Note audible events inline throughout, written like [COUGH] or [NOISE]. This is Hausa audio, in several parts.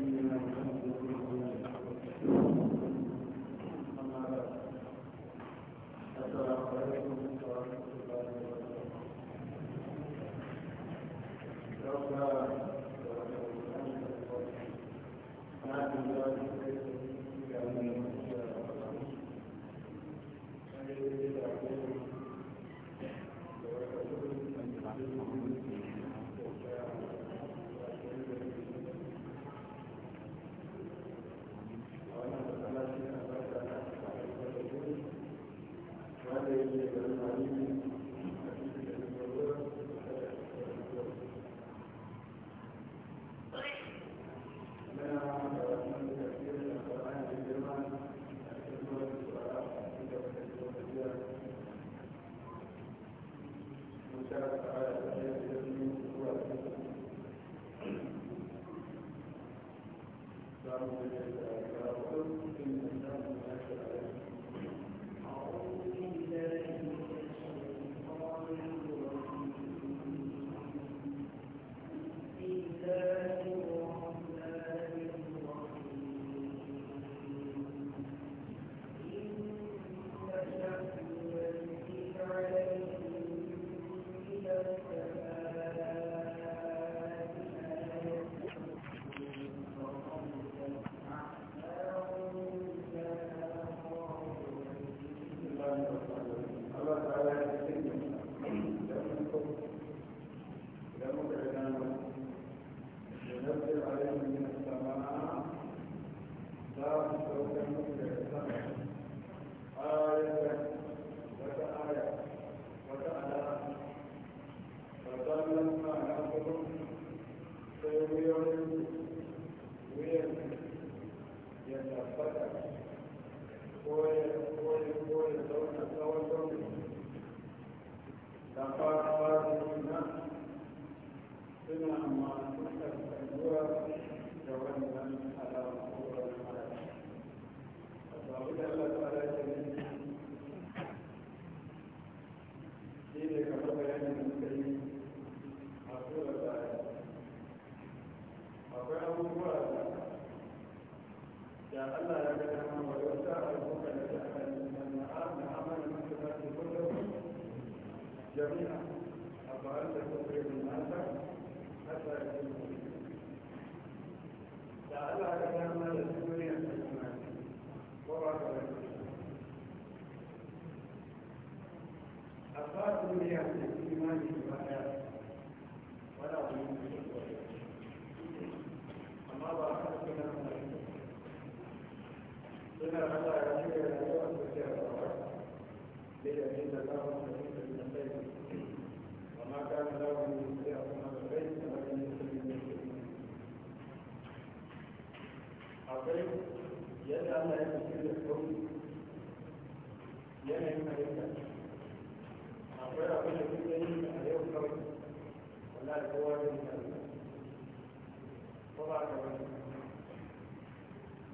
Gracias amma duniya ba ɗaya wani abu ne ba a kan suna kuma suna hada ya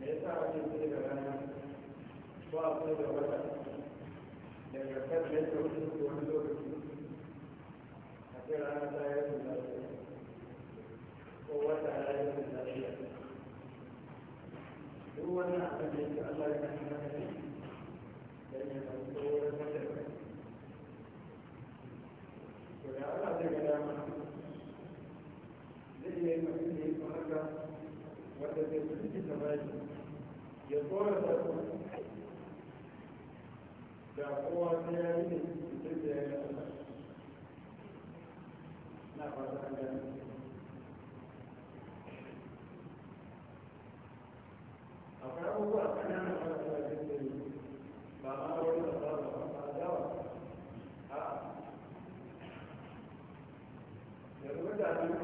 me yasa ake da rana ko a da wata da yake ko lokaci a rana ta da lafiya ko wata ya yi da lafiya duk wannan abin da yake Allah ya kashe maka ne tsoron da Allah zai zai yi ne wanda zai fi cikin maji ya tsora da ku da kowa ta yayi da cikin da ya yi Allah na fata an gani akwai abubuwa a kanan da ba ta yi ba ma wani da ba ba ba dawa a yanzu da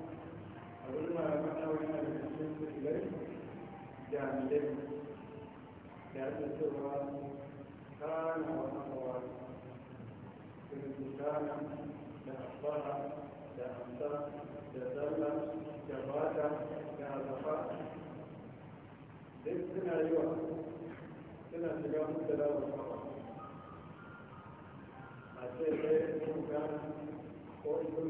wani malaman nawa yana da cikin musulai jami'ai da ake cewa kana wa hawa irin kana da asbaha da amsa da zalla da bata da azafa duk suna yi wa suna shiga a ce ko kun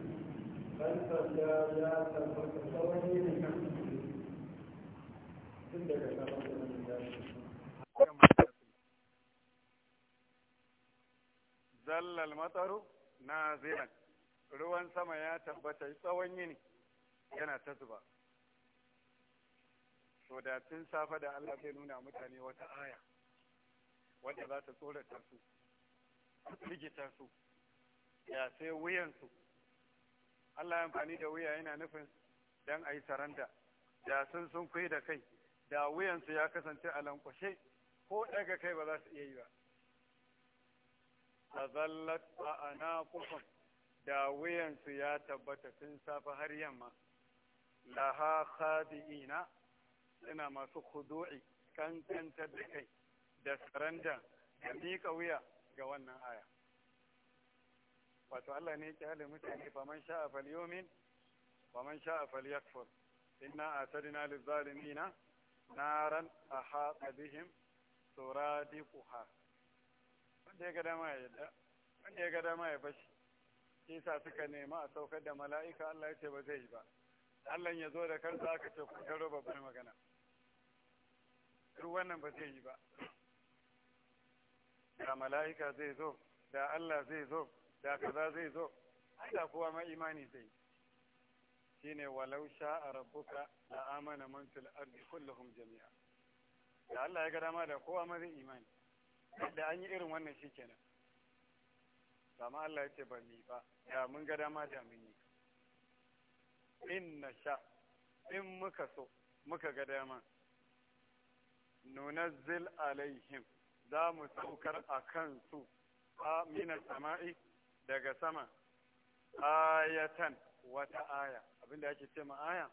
Zallar zallal mataru na zilan ruwan sama ya tabbata tsawon yini yana ta zuba so da tun safe da Allah zai nuna mutane wata aya wanda za ta tsorata su su ya sai wuyansu Allah ya amfani da wuya yana nufin dan a yi saranda da sun sun kai da kai da wuyansu ya kasance a lankwashe ko daga kai ba za su iya yi ba a zallat a ana kufin da wuyansu ya tabbata tun safa har yamma laha khadi'ina suna masu khudu'i kan da kai da saranda da miƙa wuya ga wannan aya wato Allah ne yake halin mutane faman sha'a falyomin faman sha'a falyakfur inna atadna lizalimina naran ahata bihim suradiquha wanda ya ga dama ya yadda wanda ya ga dama ya bashi shi sa suka nema a saukar da mala'ika Allah ya ce ba zai yi ba Allah ya zo da kansa aka ce ku karo babbar magana duk wannan ba zai yi ba da mala'ika zai zo da Allah zai zo da kaza zai zo ai da kowa ma imani zai shine walau sha'a rabbuka la amana man fil ardi kulluhum jami'a da Allah ya ga dama da kowa ma zai imani da an yi irin wannan shikenan amma Allah ya ce ba ni ba da mun ga dama da mun yi in na sha in muka so muka ga dama nunazzil alaihim za mu saukar a kansu a minar sama'i daga sama ayatan wata aya abinda ake ce ma aya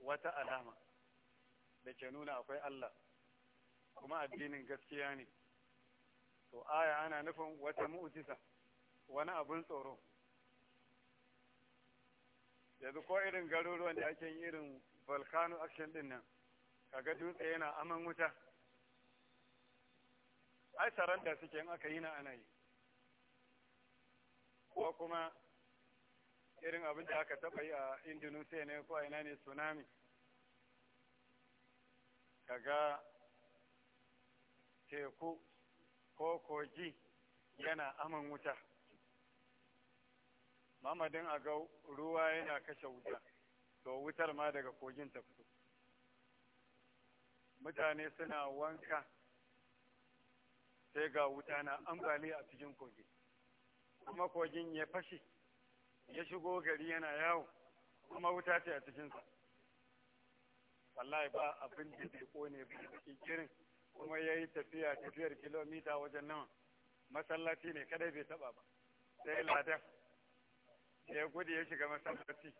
wata alama da ke nuna akwai Allah kuma addinin gaskiya ne to aya ana nufin wata mu'jiza wani abin tsoro yanzu ko irin garuruwan da ake irin volcano action din nan kaga dutse yana aman wuta ai saranta suke in aka yi na ana yi ko kuma irin abin da aka taɓa yi a indonesia ne ko ina ne tsunami kaga teku ko kogi yana aman wuta mamadin a ga ruwa yana kashe wuta to wutar ma daga kogin ta fito mutane suna wanka sai ga wuta na ambali a cikin kogi kuma kogin ya fashe ya shigo gari yana yawo kuma wuta ce a cikinsa wallahi ba abin da bai kone ba kirin kuma ya yi tafiya tafiyar kilomita wajen nawa masallaci ne kadai bai taba ba sai ladan ya gudu ya shiga masallaci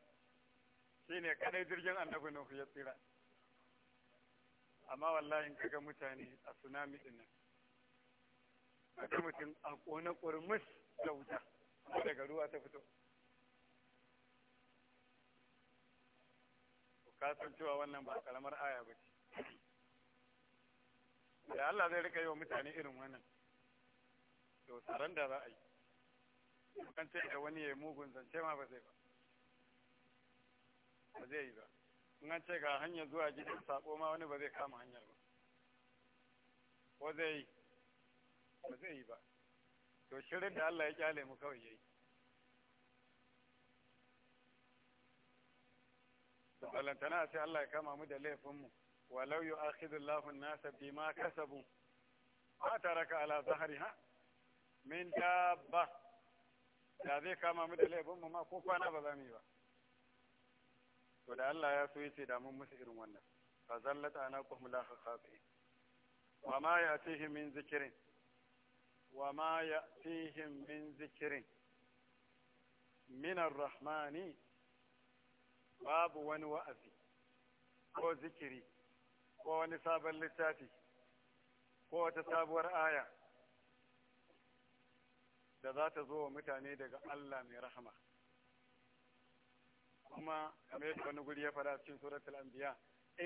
shi ne kadai jirgin annabi nuhu ya tsira amma wallahi in kaga mutane a tsunami din nan mutum a kone kurmus da wuta daga ruwa ta fito ka san cewa wannan ba kalamar aya ba ce da Allah zai rika yi wa mutane irin wannan to tsaron da za a yi kan ce da wani ya yi mugun zance ma ba zai ba ba zai yi ba in an ce ga hanyar zuwa gidan sako ma wani ba zai kama hanyar ba ko zai yi ba zai yi ba to shirin da Allah ya kyale mu kawai yayi tana sai Allah ya kama mu da laifinmu walau yu Allahu an-nasa bima kasabu a taraka ala ha? min dabba da zai kama mu da laifinmu ma ko kwana ba za mu yi ba to da Allah ya so yace da mun musu irin wannan fa zallata ana la khaqati wa ma yatihim min zikrin wa ma ya'tihim min zikirin minar rahmani babu wani wa'azi ko zikiri ko wani sabon littafi ko wata sabuwar aya da za ta zo wa mutane daga Allah mai rahma. kuma kamar yadda wani guri ya fara cikin suratul anbiya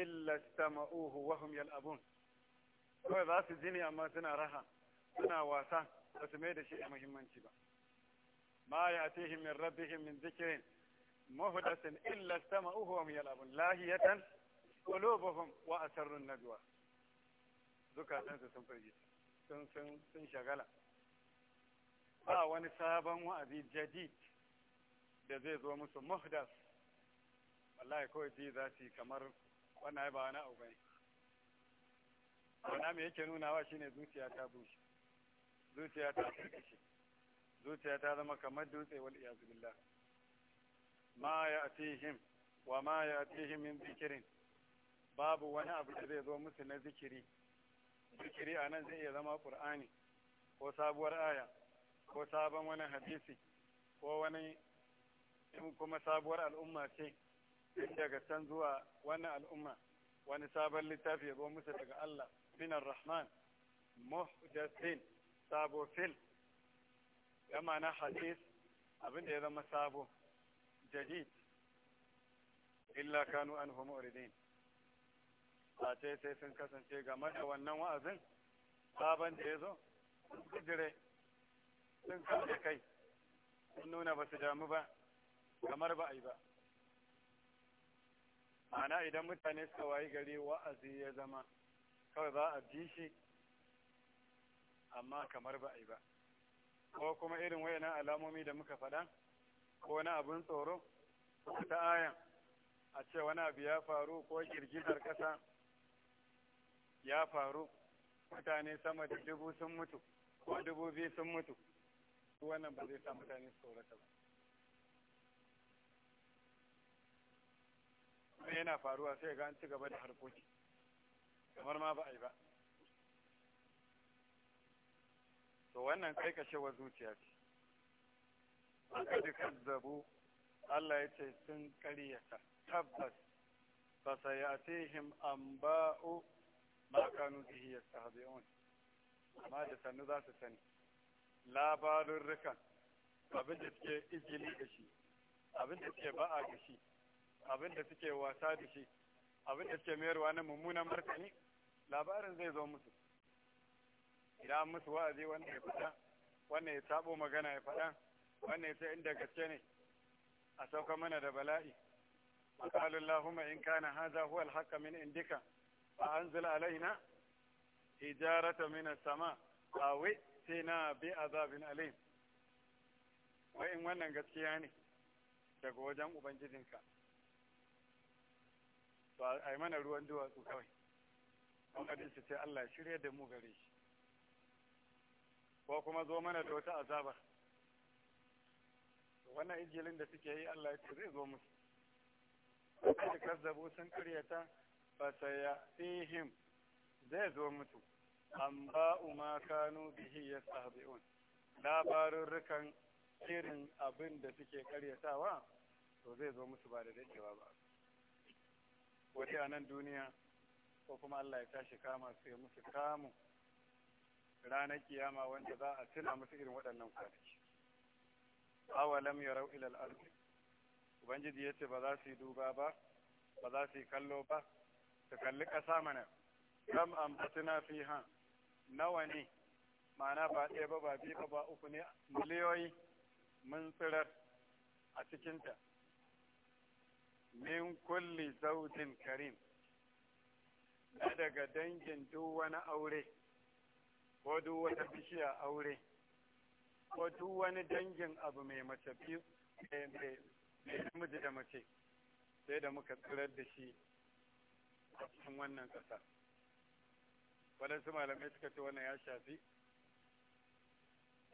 illa stama'uhu wa hum yal'abun kawai za su ji amma suna raha suna wasa ba su mai da shi a muhimmanci ba ma ya atihim min rabbihim min zikirin muhdasin illa sama'uhu wa yalabun lahiyatan qulubuhum wa a sarrun na su sun sun sun sun shagala ba wani sabon wa'azi jadid da zai zo musu muhdas wallahi kawai ji za su yi kamar wannan ba wani abu bane me yake nunawa shine zuciya ta bushe zuciya ta zuciya ta zama kamar dutse wal iyaz billah ma ya'tihim wa ma ya'tihim min babu wani abu da zai zo musu na zikiri zikiri a nan zai iya zama qur'ani ko sabuwar aya ko sabon wani hadisi ko wani kuma sabuwar al'umma ce daga can zuwa wannan al'umma wani sabon littafi ya zo musu daga Allah binar rahman muhdathin sabo fil ya ma'ana hadis abinda ya zama sabo jadid illa kanu an homo a ce sai sun kasance game da wannan wa'azin sabon da ya zo sun kujire sun kai sun nuna ba su damu ba kamar ba a yi ba ana idan mutane suka wayi gari wa'azi ya zama kawai za a ji shi amma kamar ba a yi ba ko kuma irin na alamomi da muka faɗa ko wani abin tsoro ko ta ayan a ce wani abu ya faru ko girgizar ƙasa ya faru mutane sama da dubu sun mutu ko dubu biyu sun mutu wannan ba zai sa mutane su tsorata ba wani yana faruwa sai ga an ci gaba da harkoki kamar ma ba a yi ba to wannan kai ka kashewa zuciya ce aka ji kazzabu Allah ya ce sun ka tabbas ba sai a tihim an ba'u makanu bihi ya yawon amma da sannu za su sani labarin rikan abin da suke izini da shi abin da suke ba'a da shi abin da suke wasa da shi abin da suke mayarwa na mummunan martani labarin zai zo musu ya musu wa'azi wanda ya fada wanda ya sabo magana ya faɗa wanda ya inda gaske ne a sauka mana da bala'i maqalu allahumma in kana hadha huwa al min indika fa anzil alaina hijarata min as-sama aw na bi azabin alim wai in wannan gaskiya ne daga wajen ubangijinka ba a yi mana ruwan duwatsu kawai kuma su ce Allah shirya da mu gare shi ko kuma zo mana da wata azaba wannan injilin da suke yi Allah ya ce zai zo musu sai kazzabu sun ƙaryata fa sayatihim zai zo musu amma umma ma kanu bihi yastahzi'un rukan irin abin da suke karyatawa to zai zo musu ba da dacewa ba wata a nan duniya ko kuma Allah ya tashi kama su musu kamu ranar kiyama wanda za a tuna musu irin waɗannan kwanaki awalam rau ilal arzi, ubangiji ya ce ba za su yi duba ba ba za su yi kallo ba su kalli ƙasa mana kam fi ha. nawa ne ma'ana ba ɗaya ba ba biyu ba ba uku ne miliyoyi mun tsirar a cikinta min kulli zaujin karim na daga dangin duk wani aure ko duk wata bishiya aure ko duk wani dangin abu mai mace biyu mai namiji da mace sai da muka tsirar da shi a cikin wannan ƙasa waɗansu malamai suka ce wannan ya shafi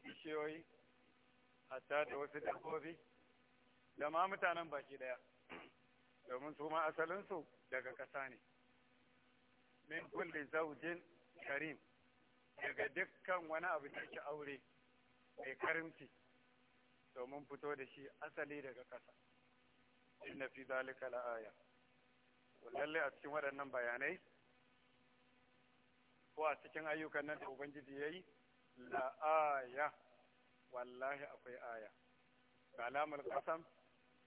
bishiyoyi hatta da wasu dabbobi da ma mutanen baki ɗaya domin su ma asalinsu daga ƙasa ne min kulli zaujin karim daga dukkan wani abu da yake aure mai karimci domin fito da shi asali daga ƙasa inna fi zalika la'aya lalle a cikin waɗannan bayanai ko a cikin ayyukan nan da ubangiji yayi la'aya wallahi akwai aya ga alamar ƙasan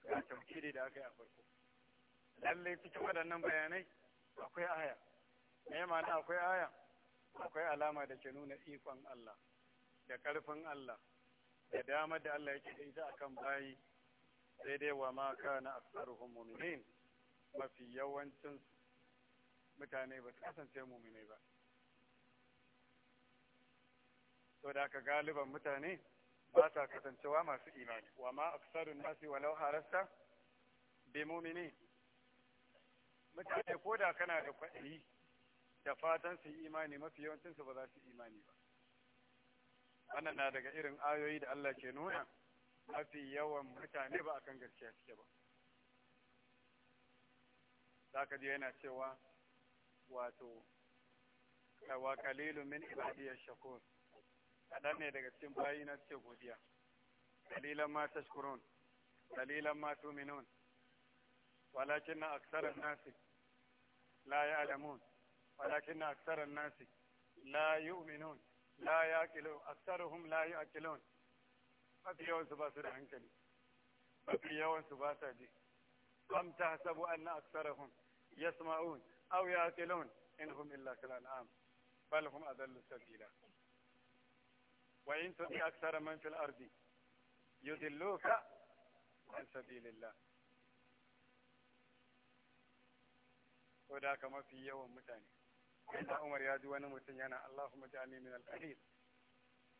ga tafkiri da aka yi a farko lalle cikin waɗannan bayanai akwai aya me ma'ana akwai aya akwai alama da ke nuna ikon Allah da ƙarfin Allah da damar da Allah yake da ita akan bayi sai dai wa ma na aktsaruhum mu'minin mafi yawancin mutane ba su kasance mu'minai ba to da aka galiban mutane ba sa kasancewa masu imani wa ma aktsarun nasi walau harasta bi mu'minin mutane ko da kana da kwaɗi da fatan su yi imani mafi yawancin su ba za su yi imani ba wannan na daga irin ayoyi da Allah ke nuna mafi yawan mutane ba akan gaskiya suke ba zaka ji yana cewa wato wa kalilu min ibadiy shakur kadan ne daga cikin bayi na suke godiya kalilan ma tashkurun kalilan ma tu'minun walakin aktharun nasi la ya'lamun ولكن أكثر الناس لا يؤمنون لا يأكلون أكثرهم لا يأكلون ففي يوم سباسة عنكلي ففي يوم سباسة دي أم تحسبوا أن أكثرهم يسمعون أو يأكلون إنهم إلا كالأنعام بل هم أذل سبيلا وإن تطيع أكثر من في الأرض يدلوك عن سبيل الله وذاك ما في يوم متاني inda Umar ya ji wani mutum yana Allahumma ja'alni min al-qalil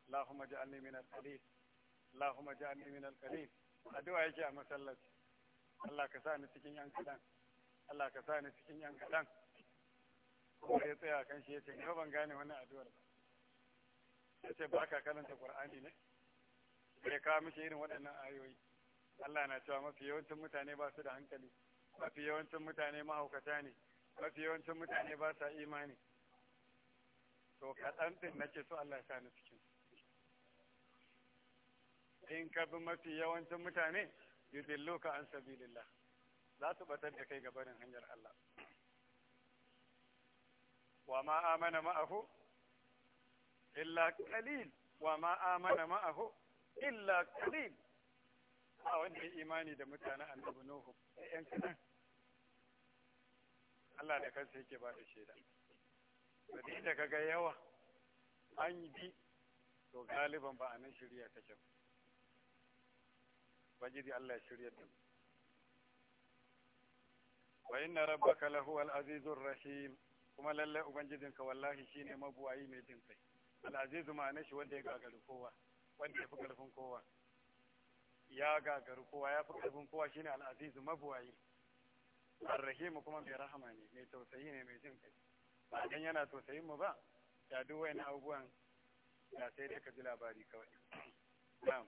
Allahumma ja'alni min al-qalil Allahumma ja'alni min al-qalil addu'a yake a masallaci Allah ka sa ni cikin yan kadan Allah ka sa ni cikin yan kadan ko ya tsaya kan shi yace ko ban gane wannan addu'ar ba yace ba ka karanta Qur'ani ne ya ka mishi irin waɗannan ayoyi Allah na cewa mafi yawancin mutane ba su da hankali mafi yawancin mutane mahaukata ne mafi yawancin mutane ba sa imani to kaɗan ɗin ce so Allah ya sani cikin in ka bi mafi yawancin mutane ka an sabilillah za su batar da kai gabanin hanyar Allah wa ma amana ma'ahu illa qalil wa ma amana ma'ahu illa qalil a wanda imani da mutanen annabi Nuhu ɗan kaɗan Allah da kansa yake ba da shaida da da kaga yawa an yi bi to galiban ba a nan shirya ta ba bajiri Allah ya shirya da mu wa inna rabbaka lahu al-azizur rahim kuma lalle ka wallahi shine mabuwayi mai jin kai al-azizu ma'ana shi wanda ya gagaru kowa wanda ya fi karfin kowa ya gagaru kowa ya fi karfin kowa shine al-azizu mabuwayi arrahimu kuma mai rahama ne mai tausayi ne mai jin kai ba dan yana tausayin mu ba ya duk wayan abubuwan ya sai dai ka ji labari kawai na'am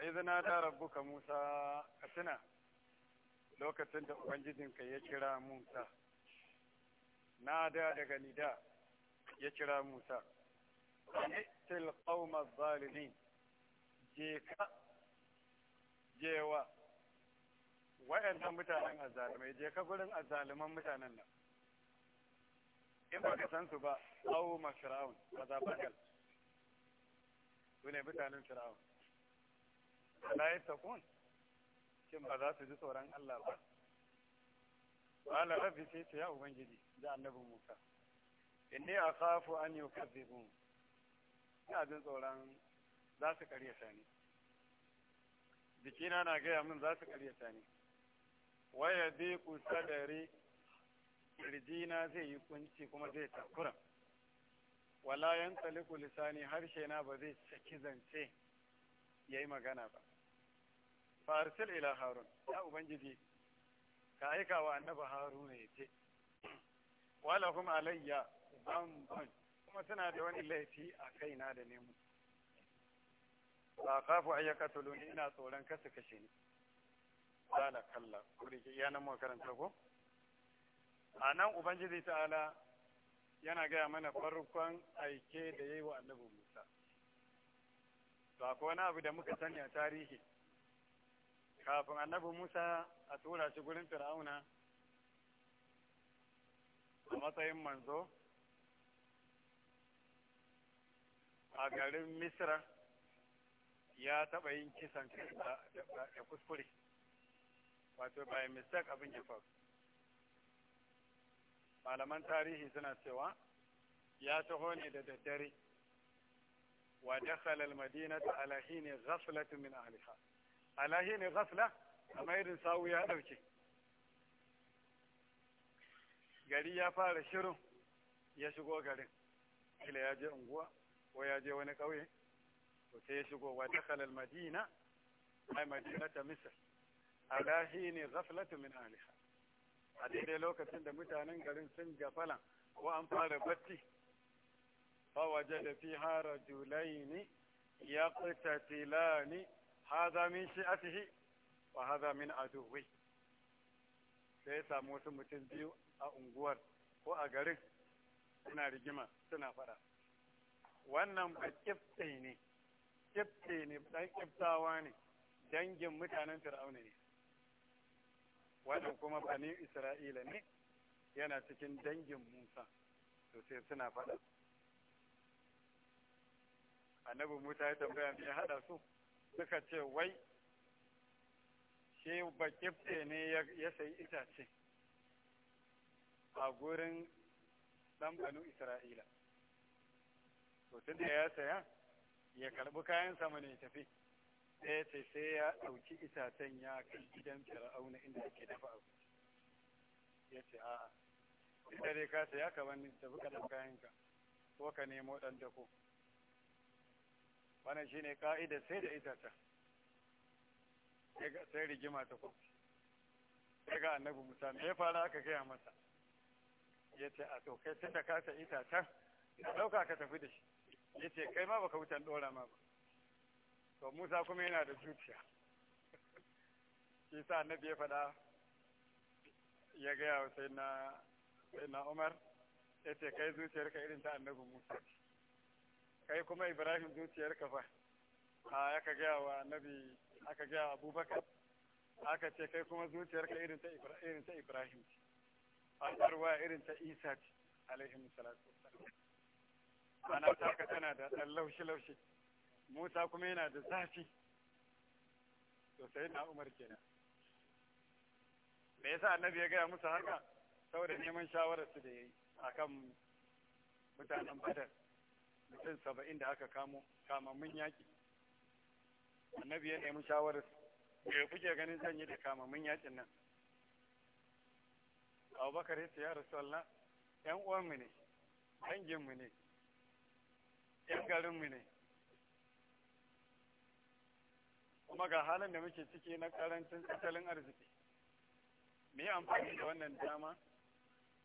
wa izina da rabbuka Musa a tuna lokacin da Ubangijinka ya kira Musa, na da daga nida ya kira Musa, ƙaitil ƙaumar zalimi, je ka, je jewa, wa'yantan mutanen azalimai, je ka gurin azaliman mutanen nan. In ba ka san su ba, ƙaumar Fir'aun, ba za su ne mutanen Fir'aun. la yattaqun kin ba za su ji tsoron Allah ba qala rabbi sai ta ya ubangiji da annabi Musa inni akhafu an yukazzibun ina jin tsoron za su karyata ni jikina na gaya min za su karyata ni waya bi ku sadari kirjina zai yi kunci kuma zai takura wala yan taliku lisani harshe na ba zai saki zance ya yi magana ba farsil ila harun ya ubangiji ka aika wa annaba haruna ya ce wala kuma alayya zambon kuma suna da wani laifi a kaina da nemu ba kafu ayyaka tuluni ina tsoron kasu kashe ni kala kalla kuri ke iya nan makaranta ko a nan ubangiji ta'ala yana gaya mana farkon aike da ya yi wa annabi musa Ba akwai wani abu da muka sani a tarihi kafin annabi Musa a tura shi gurin Fir'auna a matsayin manzo a garin Misra ya taɓa yin kisan da kuskure wato by mistake abin ya faru malaman tarihi suna cewa ya taho ne da daddare wa dakhala al-madinata ala hini ghaflatin min ahliha Ala shi ne ghafla amma irin sawu ya ɗauke. gari ya fara shirin ya shigo garin kila ya je unguwa ko ya je wani ƙauye to sai ya shigo wa ta kalal madina ta misal. misr shi ne ghaflatu min ahliha a daidai lokacin da mutanen garin sun gafala ko an fara bacci fa wajada ya rajulaini yaqtatilani haza من shi'atihi wa haza min aduwi sai ya samu wasu mutum biyu a unguwar ko a garin suna rigima suna fada wannan ba kifte ne kifte ne dan kiftawa ne dangin mutanen fir'auna ne wannan kuma bani isra'ila ne yana cikin dangin musa to sai suna fada annabi musa ya tambaya me ya hada su suka ce wai shi bakifte ne ya sayi itace a gurin dan banu isra'ila to da ya saya ya karɓi kayan sama ne tafi sai ya ce sai ya ɗauki itacen ya kai gidan fir'auna inda ake dafa abu ya ce a'a ita dai ka saya ka wani tafi ka ko ka nemo ɗan dako wannan shine ka'ida sai da ita ta sai rigima ta kwafi sai ga annabi musa ne ya fara aka gaya masa ya ce a to kai da da ka ta itacen ka ɗauka ka tafi da shi ya ce kai ma baka wutan ɗora ma ba to musa kuma yana da zuciya shi sa annabi ya faɗa ya gaya wa sai na umar ya ce kai zuciyarka irin ta annabi musa ce kai kuma ibrahim zuciyarka fa a aka gaya wa annabi aka gaya wa abubakar aka ce kai kuma zuciyarka irin ta irin ta ibrahim ce tarwa irin ta isa ce alaihi salatu wassalam ana taka tana da dan laushi laushi musa kuma yana da zafi to sai na umar kenan me yasa annabi ya gaya musu haka saboda neman shawarar su da yayi akan mutanen badar mutum saba'in da aka kamo kamammin yaƙi annabi ya nemi shawarar da buge ganin zan yi da kamammin yaƙin nan abubakar ya ce ya rasu Allah ‘yan uwanmu ne danginmu ne ‘yan garinmu ne kuma ga halin da muke ciki na karancin tattalin arziki mu yi amfani da wannan dama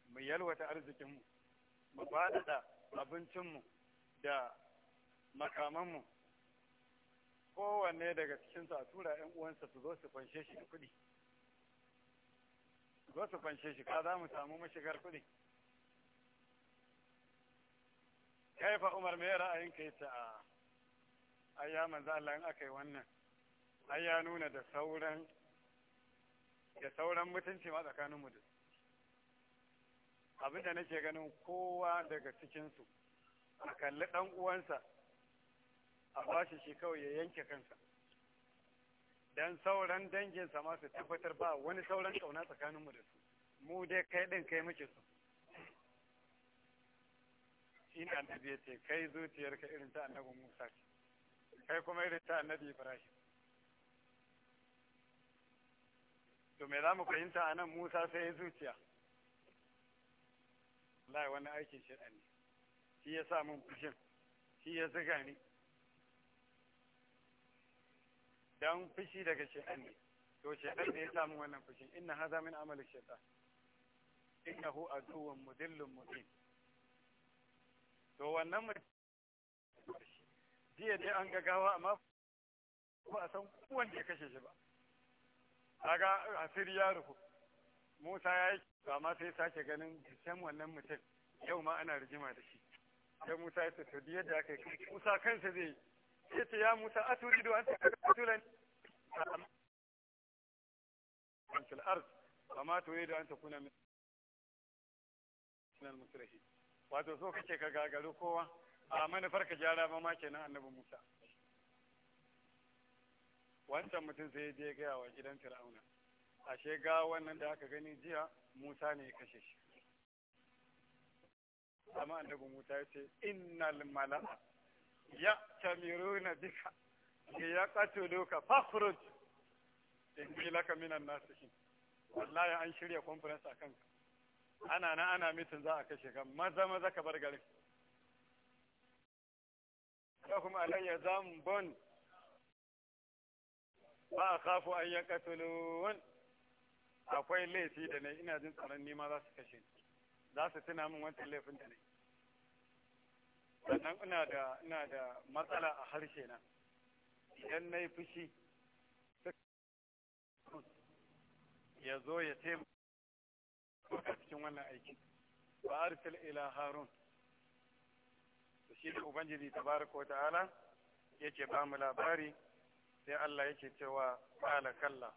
mu yalwata arzikinmu mu faɗaɗa abincinmu da makamanmu kowanne daga cikinsu a tura 'yan uwansa su zo su fanshe shi da kuɗi zo su fanshe shi ka za mu samu mashigar kuɗi kaifa umar mai ra'ayin ka ta? a ayya ya Allah in aka yi wannan Ayya nuna da sauran da sauran mutunci ma tsakanin mu da abinda nake ganin kowa daga cikinsu. a kalli ɗan uwansa a bashi shi kawai ya yanke kansa Don sauran danginsa ma su tabbatar ba wani sauran kauna tsakaninmu da su mu dai kai ɗin kai muke su shine annabi ya ce kai zuciyarka irin ta annabi Musa ce kai kuma irin ta annabi Ibrahim to me za mu fahimta a nan Musa sai zuciya Allah wani aikin shirani shi ya sa min fushin shi ya zuga ni dan fushi daga shaitan ne to shaitan ne ya sa min wannan fushin inna hadha min amali shaitan innahu aduwwun mudillun mubin to wannan mutum jiya dai an gagawa amma ba a san wanda ya kashe shi ba ga asiri ya rufu Musa ya yi ba ma sai sake ganin jisan wannan mutum yau ma ana rijima da shi sai Musa ya ce to da yadda aka yi Musa kansa zai yi. ce ya Musa aturidu an ta tulan fil ard amma turidu an takuna min nan musrihi wato so kake ka gagaru kowa a manufar ka gyara ba ma kenan annabi Musa wancan mutum sai je gaya wa gidan Fir'auna ashe ga wannan da aka gani jiya Musa ne ya kashe shi amma annabi Musa ya ce innal mala'a ya'tamiruna bika li yaqtuluka fakhruj in laka minan nasihin wallahi an shirya conference akan ka ana na ana mitin za a kashe kan maza maza ka bar garin lahum alayya zambon ba a kafu an yi katulun akwai laifi da na ina jin tsaron nima za su kashe ni za su tuna min wancan laifin da ne sannan ina da ina da matsala a harshe na idan na yi fushi ya zo ya a cikin wannan aiki ba arsil ila harun shi da ubangiji tabaraka wa Ya yake ba mu labari sai Allah yake cewa kala kalla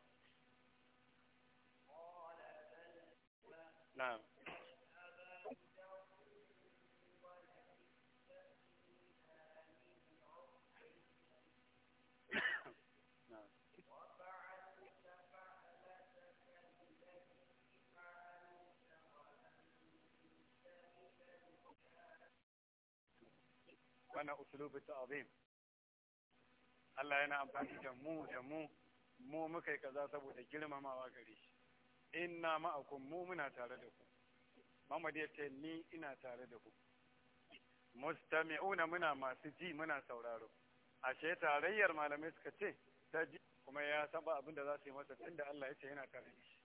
na'am mana usulubu azim Allah yana amfani da mu da mu mu muka yi kaza saboda girmamawa gare shi inna ma'akum mu muna tare da ku Muhammad ya ce ni ina tare da ku mustami'una muna masu ji muna sauraro ashe tarayyar malamai suka ce ta ji kuma ya saba abin da za su yi masa tunda Allah ya ce yana tare da shi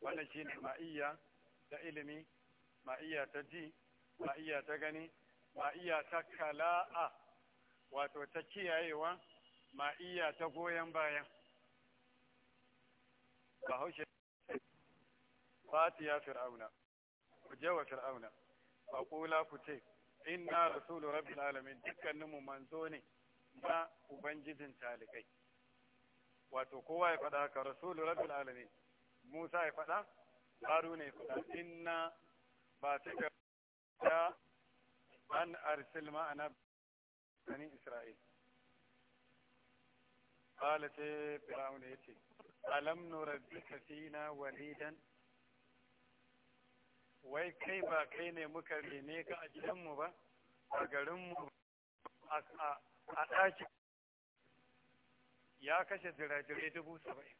wannan shine ma'iyya ta ilimi ma'iyya ta ji ma'iyya ta gani Ma iya ta kala'a wato ta kiyayewa iya ta goyon bayan bahaushe fatiya fir'auna ku je wa fir'auna faƙula ku ce da rasulu rabin alamin dukkaninmu manzo ne na ubangijin talikai wato kowa ya faɗa ka rasulu rabin alamin musa ya faɗa ƙaru ne faɗa Ina ba ta ga an arsil ma'ana bani isra'il qala sai fir'aun ya ce alam nurabbika fina walidan wai kai ba kai ne muka rene ka a gidanmu ba a garinmu a ɗakin ya kashe jirajirai dubu saba'in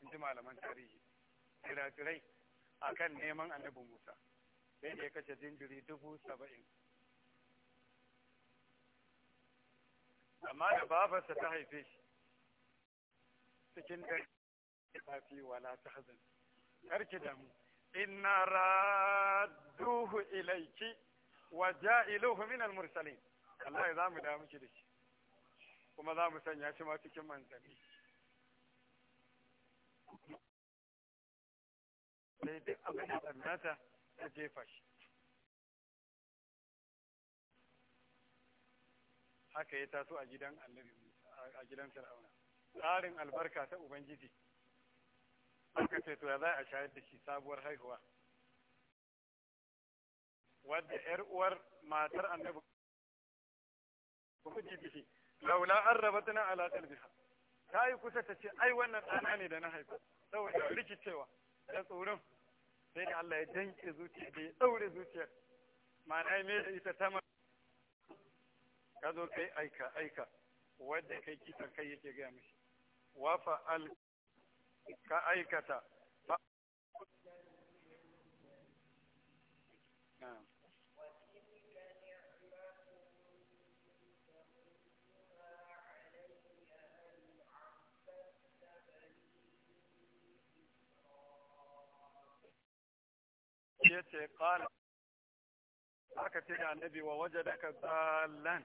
in ji malaman tarihi jirajirai a kan neman annabi musa sai ya kashe jinjiri dubu saba'in amma da babarsa ta haife shi cikin dare ta fi wala ta hazin karki damu inna raduhu ilaiki wa ja'iluhu min al-mursalin Allah ya zamu da miki da shi kuma zamu sanya shi ma cikin manzanni sai duk abin da ta jefa shi aka yi taso a gidan annabi a gidan fir'auna tsarin albarka ta ubangiji aka ce to ya za a shayar da shi sabuwar haihuwa wadda yar uwar matar annabi kuma ji bihi laula an rabatna ala qalbiha ta yi kusa ta ce ai wannan ɗana ne da na haifa saboda rikicewa da tsoron sai da Allah ya danke zuciya da ya daure zuciyar ma'ana mai da ita ta ka zo kai aika aika wadda kai kisan kai yake gaya mashi wa fa'al ka aikata ya ce ƙala aka ce da annabi wa waje ka zalan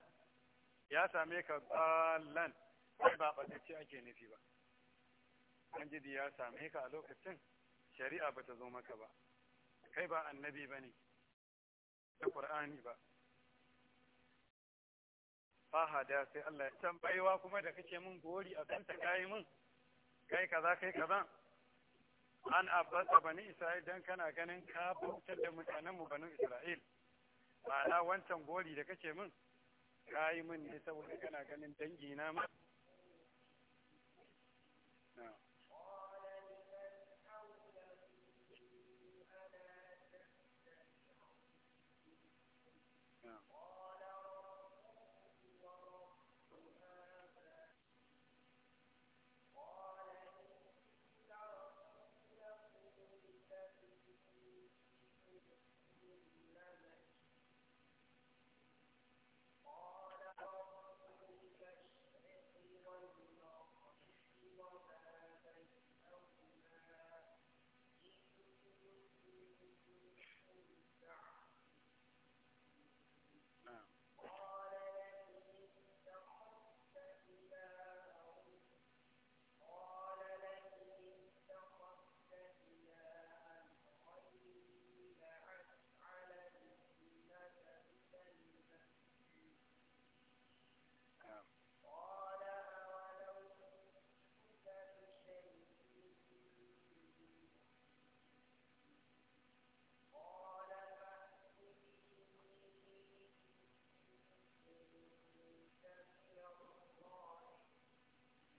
ya same ka ballan ba ɓatacce ake nufi ba an jidi ya same ka a lokacin shari'a ba ta zo maka ba kai ba annabi ba ne da ƙur'ani ba fahada sai Allah ya tambayewa kuma da kake mun gori a kanta kayi mun kai kaza kai kaza an abbasa bani isra'il dan kana ganin ka bautar da mutanen banin isra'il ma'ana wancan gori da kake min? ka yi min ne saboda kana ganin dangi na ma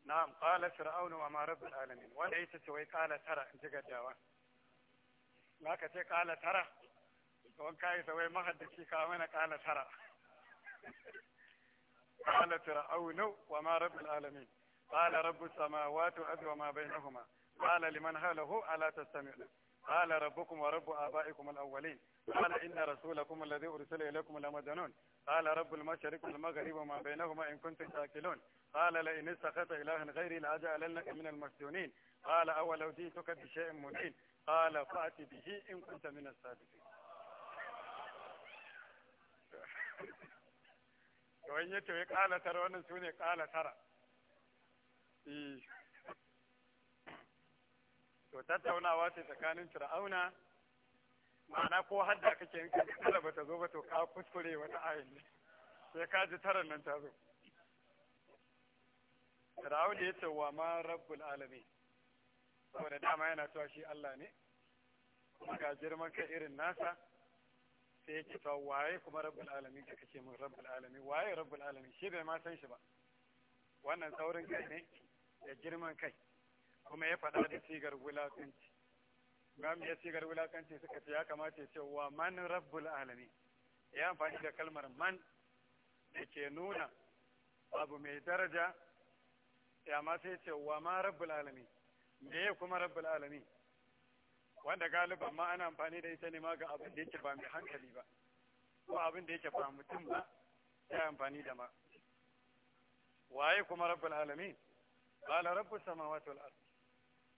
نعم قال فرعون وما رب العالمين وليس سوى إيه؟ قال ترى kala tara in ji gajawa na ka ce kala tara don ka yi wai mahaddaci قال فرعون وما رب العالمين قال رب السماوات والأرض وما بينهما قال لمن هاله ألا تستمعون قال ربكم ورب آبائكم الأولين قال إن رسولكم الذي أرسل إليكم لمجنون قال رب المشرق والمغرب وما بينهما إن كنتم تاكلون قال لئن استخدت إلها غيري لأجعلنك من المسجونين قال أولو جئتك بشيء مبين قال فأتي به إن كنت من الصادقين [LAUGHS] وين يتوي قال ترى وانا سوني قال ترى إيه. وتتونا واتي تكانين ترى أونا معنا كو حد داك جنك تلبت زوبت وقاو كسكولي وتعاين سيكاد ترى من تازو Fir'aun ya ce wa ma rabbul alamin saboda dama yana cewa shi Allah ne kuma ga girman ka irin nasa sai ya ce to waye kuma rabbul alamin ka kace min rabbul alamin waye rabbul alamin shi bai ma san shi ba wannan saurin kai ne da girman kai kuma ya faɗa da sigar wulakanci gami ya sigar wulakanci suka ce ya kamata ya ce wa man rabbul alamin ya amfani da kalmar man da ke nuna abu mai daraja amma sai sai ce wa ma rabbul alami me ya kuma rabbul alami wanda galiban ma ana amfani da ita ne ma ga abin da yake ba mai hankali ba ko abin da yake ba mutum ba ya amfani da ma waye kuma rabbul alami qala rabbus samawati wal ardi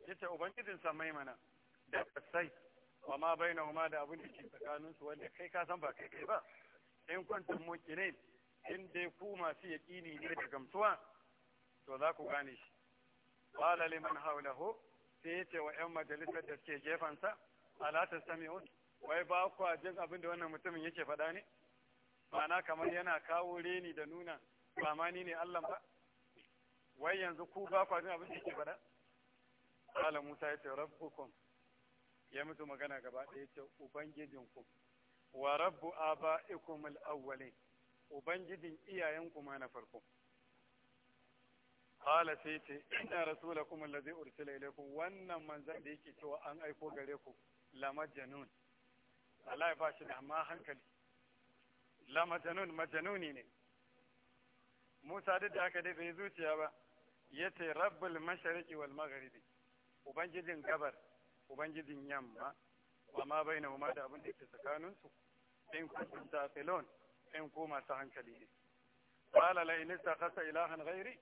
yace ubangijin samai mana da sai wa ma bainahuma da abin da ke tsakanin su wanda kai ka san ba kai kai ba in kuntum mukinin in dai ku masu yaqini ne da gamsuwa to za ku gane shi qala liman ho sai ya ce wa ƴan majalisar da suke gefansa ala tastami'un wai ba ku jin abin da wannan mutumin yake faɗa ne ma'ana kamar yana kawo reni da nuna kamani ne Allah ba wai yanzu ku ba ku jin abin da yake faɗa qala musa ya ce rabbukum ya mutu magana gaba ɗaya ce ubangijinku wa rabbu aba'ikum al-awwalin ubangijin iyayenku ma na farko Kala sai ce ina kuma rasulakum allazi ursila ilaykum wannan manzan da yake cewa an aiko gare ku la majnun Allah ya ba shi da amma hankali la majnun majnuni ne Musa duk da aka dai zuciya ba Ya ce rabbul mashariki wal magharibi, ubangijin gabar ubangijin yamma ba ma bai bainahuma da abin da ke tsakaninsu in kuntum taqilun in ko masu hankali ne qala la ta kasa ilahan ghairi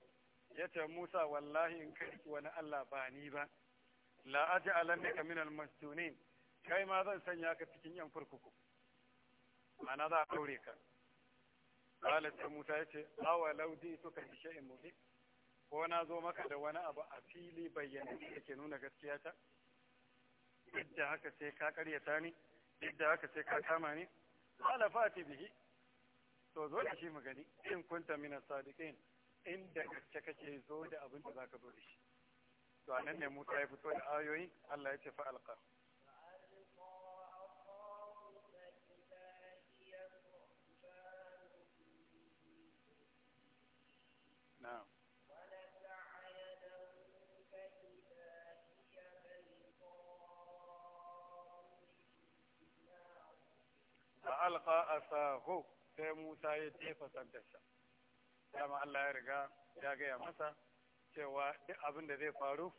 ya ce musa wallahi in karki wani allah ba ni ba la aji alamika min kai ma zan sanya ka cikin yan furkuku Mana za a ɗaure ka qala ta musa ya ce awa laudi suka fi shay'in muhim ko na zo maka da wani abu a fili bayyana da ke nuna gaskiya ta duk da haka sai ka karyata ni duk da haka sai ka kama ni qala fati bihi to zo shi mu gani in kunta min as-sadiqin inda gaske kake zo da abin da zaka zo da shi to anan ne Musa ya fito da ayoyi Allah ya ce fa alqa na'am a alqa sai Musa ya jefa sandarsa dama Allah ya riga ya gaya masa cewa duk abin da zai faru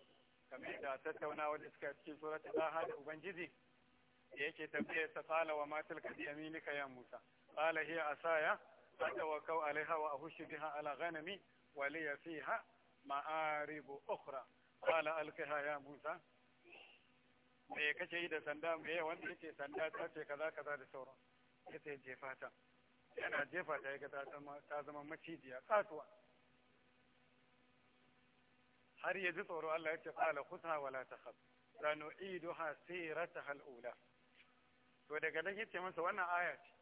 kamar da tattaunawa da suka cikin suratul daha da ubangiji da yake tafiya ta tsala wa matal kadi yaminika ya musa qala hiya asaya atawakkau alaiha wa ahushu biha ala ghanami wa li fiha ma'aribu ukhra qala alqiha ya musa me kace yi da sanda me wanda yake sanda ta ce kaza kaza da sauran yace jefa ta yana jefa ta ga ta zama macijiya katuwa har ya ji tsoro Allah ya ce qala kusa wala takhaf sanu'iduha sirataha al-ula to daga nan yace masa wannan aya ce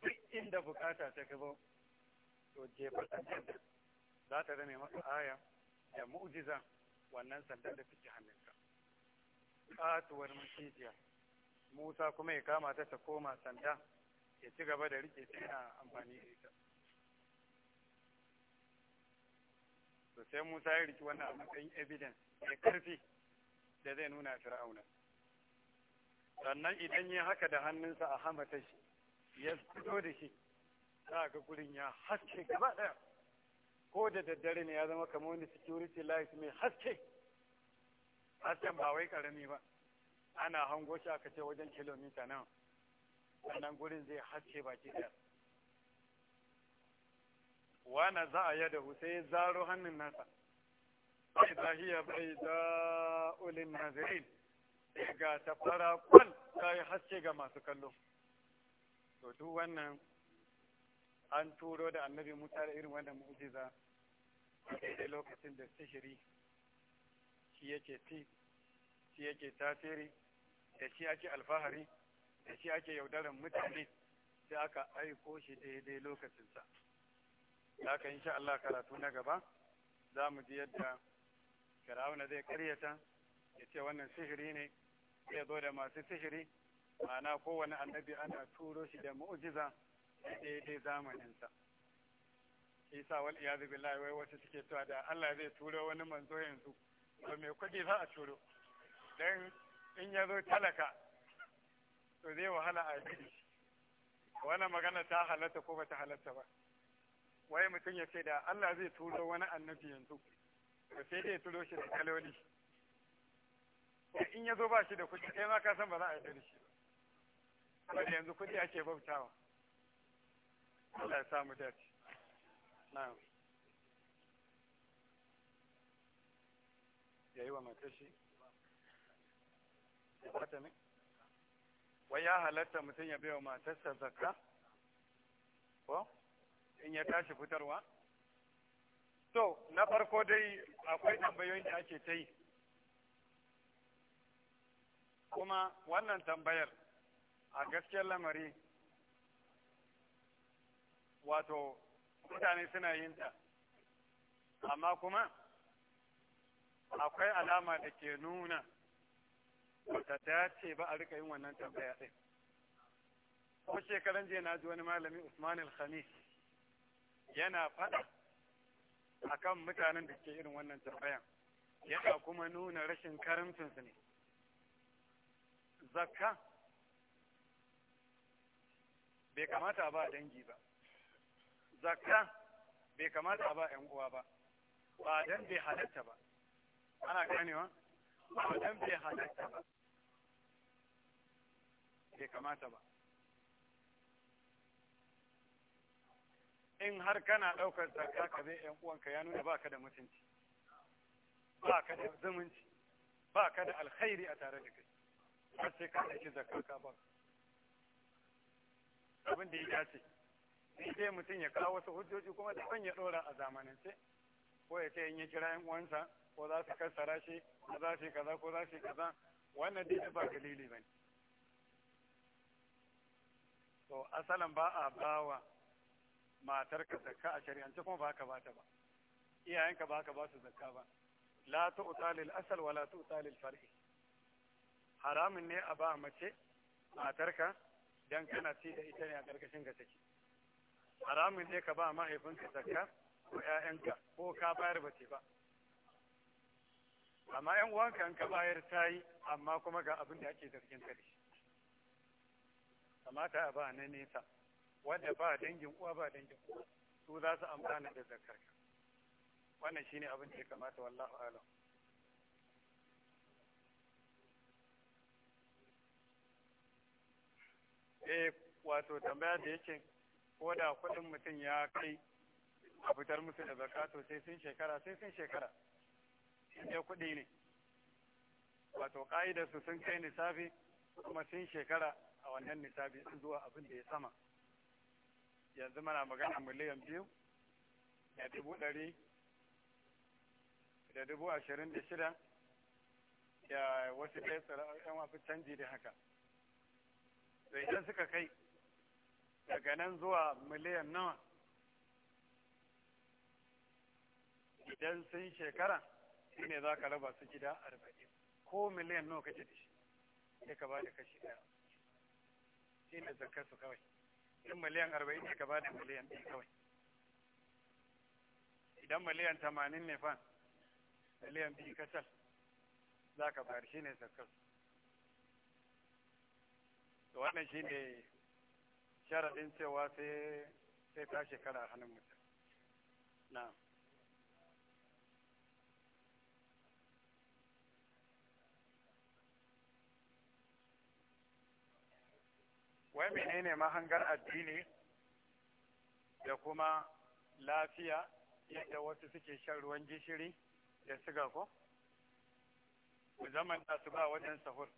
duk inda bukata ta gaba to jefa ta za ta zame masa aya da mu'jiza wannan sandan da take hannunka katuwar macijiya Musa kuma ya kama ta ta koma sanda ya ci gaba da rike shi yana amfani da ita to sai Musa ya riki wannan a matsayin evidence mai karfi da zai nuna Fir'auna sannan idan ya haka da hannunsa a hamata shi ya fito da shi za ga gurin ya haske gaba daya ko da daddare ne ya zama kamar wani security light mai haske hasken ba wai karami ba ana hango shi aka ce wajen kilomita nawa wannan gurin zai haske baki ɗaya wana za a yada sai zaro hannun nasa sai zahiya bai da ulin nazirin ga ta fara kwal ta yi haske ga masu kallo to duk wannan an turo da annabi musa da irin wannan mu'jiza a lokacin da sihiri shi yake ti shi yake tasiri da shi ake alfahari da shi ake yaudaran mutane sai aka aiko shi daidai lokacinsa da yi insha Allah karatu na gaba za mu ji yadda karawuna zai karyata ya ce wannan sihiri ne ya zo da masu sihiri ma'ana kowane annabi ana turo shi da mu'jiza da daidai zamaninsa isa wal iyazu billahi wai wasu suke cewa da Allah zai turo wani manzo yanzu to me kuɗi za a turo dan in ya zo talaka to zai wahala a yi wannan magana ta halatta ko bata halatta ba wai mutum ya ce da Allah zai turo wani annabi yanzu to sai dai ya turo shi da kaloli in ya zo ba shi da kuɗi kai ma ka san ba za a yi da shi ba da yanzu kuɗi ake bautawa Allah ya samu dace na'am yayi wa matashi ya bata ne wai ya halatta mutum ya bai wa matarsa zakka ko in ya tashi fitarwa to na farko dai akwai tambayoyin da ake ta yi kuma wannan tambayar a gaskiyar lamari wato mutane suna yin ta amma kuma akwai alama da ke nuna ta ce ba a rika yin wannan tambaya ɗin ko shekaran jiya na ji wani malami usman al-khamis yana faɗa akan mutanen da ke irin wannan tambayan yana kuma nuna rashin karamcinsu ne zakka bai kamata a ba dangi ba zakka bai kamata ba 'yan uwa ba ba dan bai halatta ba ana ganewa ba dan bai halatta ba bai kamata ba in har kana ɗaukar zakka ka zai ‘yan uwanka ya nuna baka da mutunci baka da zumunci baka da alkhairi a tare da kai har sai ka aiki zakka ka ba abin da ya dace sai mutum ya kawo wasu hujjoji kuma da ban ya ɗora a zamanance ko ya ce in ya kira ‘yan uwansa ko za su kassara shi ko za su yi kaza ko za su yi kaza wannan dai ba dalili ba ne to asalan ba a bawa matar ka zakka a shari'ance kuma ba ka ba ta ba iyayenka ba ka ba su zakka ba la tu'ta lil asal wa la tu'ta lil far'i haramun ne a ba mace matarka dan kana ci da ita ne a karkashin ka take haramun ne ka ba mahaifinka zakka ko ƴaƴanka ko ka bayar ba ce ba amma ƴan uwanka in ka bayar ta yi amma kuma ga abin da ake zargin ka da shi kamata a ba na nesa wanda ba dangin uwa ba dangin uwa su za su amfana da zakar wannan shine abin da ya kamata wallahu alam eh wato tambaya da yake ko da kuɗin mutum ya kai a fitar musu da zakato sai sun shekara sai sun shekara inda kuɗi ne wato su sun kai nisafi kuma sun shekara a wannan nisabi zuwa abin da ya sama yanzu mana magana miliyan biyu da dubu ɗari da dubu ashirin da shida da wasu ɗaya yan wasu canji da haka da idan suka kai daga nan zuwa miliyan nawa idan sun shekara shi ne za ka raba su gida arba'in ko miliyan nawa kake da shi sai ka ba da kashi ɗaya shi ne su kawai Idan miliyan arba'in ne gaba da miliyan ɗaya kawai idan miliyan tamanin ne fan miliyan biyu kacal za ka bayar shi ne zakarsu wannan shi ne sharaɗin cewa sai ta shekara hannun mutum na'am wai menene mahangar addini da kuma lafiya yadda wasu suke shan ruwan gishiri da siga ko zaman da su ba wajen sahur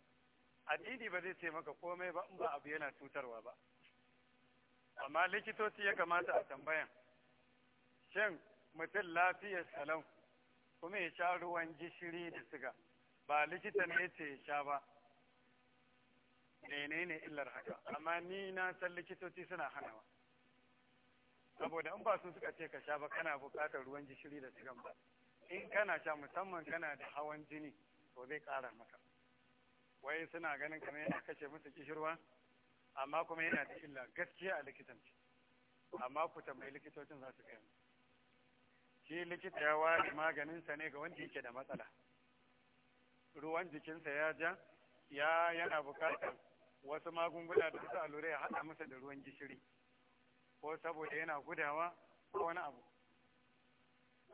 addini ba zai taimaka komai ba in ba abu yana cutarwa ba amma likitoci ya kamata a tambayan shin mutum lafiyar salon kuma ya sha ruwan gishiri da siga ba likita ne ce ya sha ba menene illar haka amma ni na san likitoci suna hanawa saboda in ba su suka ce ka sha ba kana buƙatar ruwan gishiri da sigan ba in kana sha musamman kana da hawan jini to zai ƙara maka wai suna ganin kamar yana kashe musu kishirwa amma kuma yana da illa gaskiya a likitanci amma ku tambayi likitocin za su gaya shi likita ya ware maganinsa ne ga wanda yake da matsala ruwan jikinsa ya ja ya yana bukatar wasu magunguna da wasu allurai ya haɗa masa da ruwan gishiri ko saboda yana gudawa ko wani abu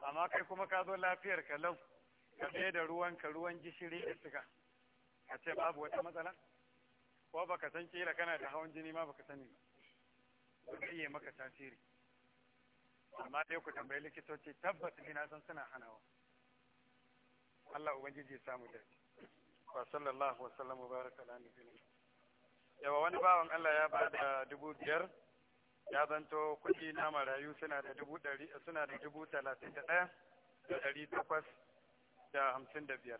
amma kai kuma ka zo lafiyar ka lau ka tsaye da ruwanka ruwan gishiri da suka a ce babu wata matsala ko baka san kila kana da hawan jini ma baka sani ba zai yi maka tasiri amma dai ku tambayi likitoci tabbas ni na san suna hanawa Allah ubangiji ya samu dace wa sallallahu wa sallam wa baraka ala nabiyina yawa wani bawan Allah ya ba da dubu biyar ya zanto kuɗi na marayu suna da dubu ɗari suna da dubu talatin da ɗaya da ɗari takwas da hamsin da biyar